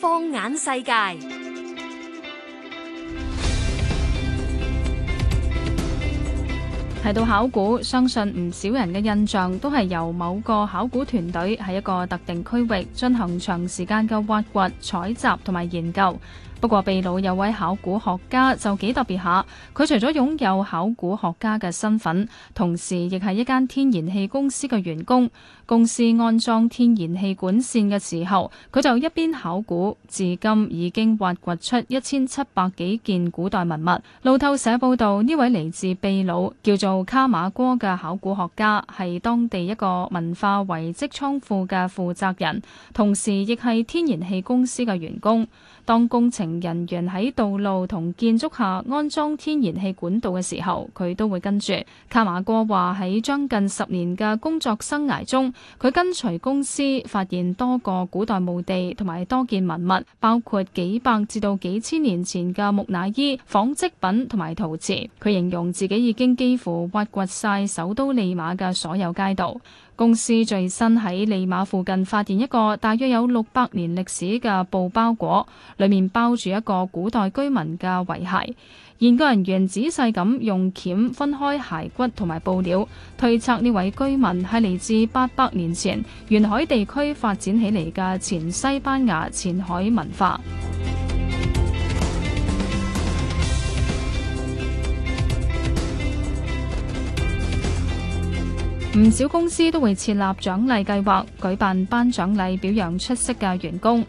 放眼世界，提到考古，相信唔少人嘅印象都係由某個考古團隊喺一個特定區域進行長時間嘅挖掘、採集同埋研究。不過秘魯有位考古學家就幾特別下，佢除咗擁有考古學家嘅身份，同時亦係一間天然氣公司嘅員工。公司安裝天然氣管線嘅時候，佢就一邊考古，至今已經挖掘出一千七百幾件古代文物。路透社報道，呢位嚟自秘魯叫做卡馬戈嘅考古學家，係當地一個文化遺跡倉庫嘅負責人，同時亦係天然氣公司嘅員工。當工程人員喺道路同建築下安裝天然氣管道嘅時候，佢都會跟住。卡馬哥話，喺將近十年嘅工作生涯中，佢跟隨公司發現多個古代墓地同埋多件文物，包括幾百至到幾千年前嘅木乃伊、紡織品同埋陶瓷。佢形容自己已經幾乎挖掘晒首都利馬嘅所有街道。公司最新喺利馬附近發現一個大約有六百年歷史嘅布包裹，裡面包住一個古代居民嘅遺骸。研究人員仔細咁用鉗分開骸骨同埋布料，推測呢位居民係嚟自八百年前沿海地區發展起嚟嘅前西班牙前海文化。唔少公司都會設立獎勵計劃，舉辦頒獎禮表揚出色嘅員工。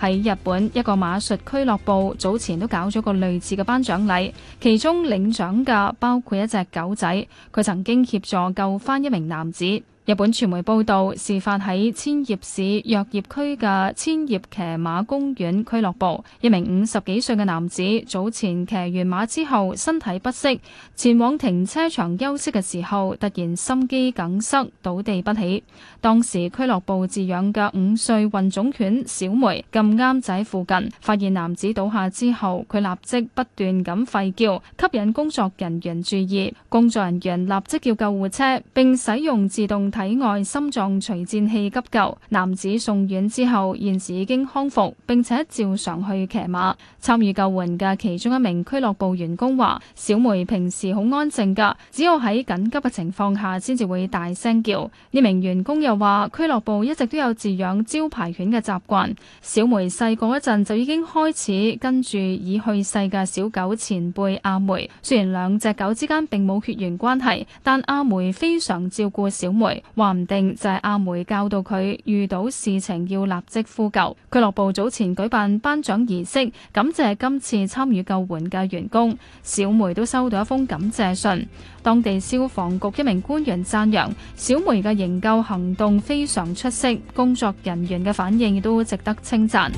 喺日本，一個馬術俱樂部早前都搞咗個類似嘅頒獎禮，其中領獎嘅包括一隻狗仔，佢曾經協助救翻一名男子。日本傳媒報道，事發喺千葉市若葉區嘅千葉騎馬公園俱樂部，一名五十幾歲嘅男子早前騎完馬之後身體不適，前往停車場休息嘅時候突然心肌梗塞倒地不起。當時俱樂部飼養嘅五歲混種犬小梅咁啱喺附近，發現男子倒下之後，佢立即不斷咁吠叫，吸引工作人員注意。工作人員立即叫救護車，並使用自動體外心臟除顫器急救，男子送院之後，現時已經康復，並且照常去騎馬。參與救援嘅其中一名俱樂部員工話：「小梅平時好安靜㗎，只有喺緊急嘅情況下先至會大聲叫」。呢名員工又話，俱樂部一直都有飼養招牌犬嘅習慣。小梅細個嗰陣就已經開始跟住已去世嘅小狗前輩阿梅。雖然兩隻狗之間並冇血緣關係，但阿梅非常照顧小梅。話唔定就係阿梅教導佢遇到事情要立即呼救。俱樂部早前舉辦頒獎儀式，感謝今次參與救援嘅員工。小梅都收到一封感謝信。當地消防局一名官員讚揚小梅嘅營救行動非常出色，工作人員嘅反應亦都值得稱讚。